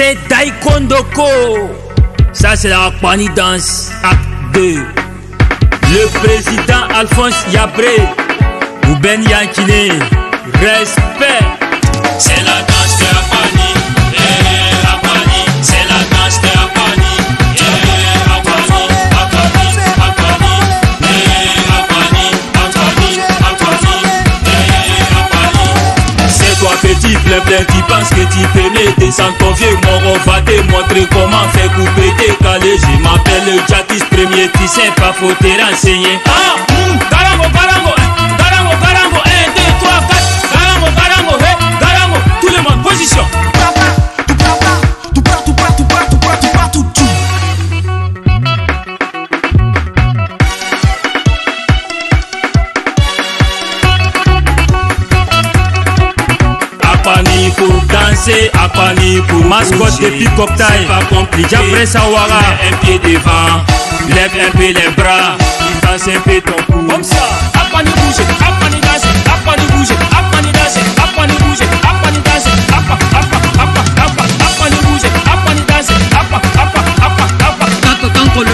c'est Doko Ça, c'est la Pani Dance Act 2. Le président Alphonse Yabré, ou Ben Yankine, respect. Tu qui pense que tu peux m'aider sans confier Mon on va te montrer comment faire couper tes calés je m'appelle Jatis premier tu sais pas faut te renseigner ah hmm, pour danser, Apani pour mascotte et pick up pas compliqué. un pied devant, lève un peu les bras, danse un peu ton cou. Comme ça. bouge, danse, bouger, bouge, danse, à bouge, danse, danser, à Apa, le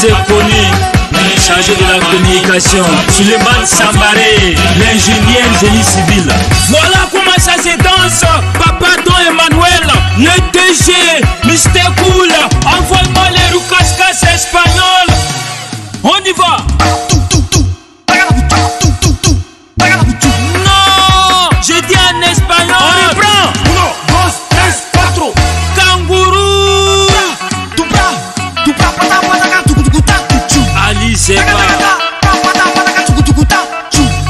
c'est connu, chargé de la communication, Suleiman Sambaré, l'ingénieur génie civil. Voilà comment ça s'étend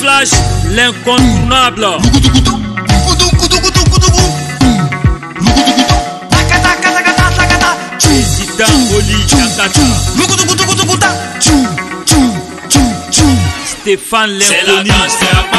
flash l'incontournable. Stéphane l'inconnu.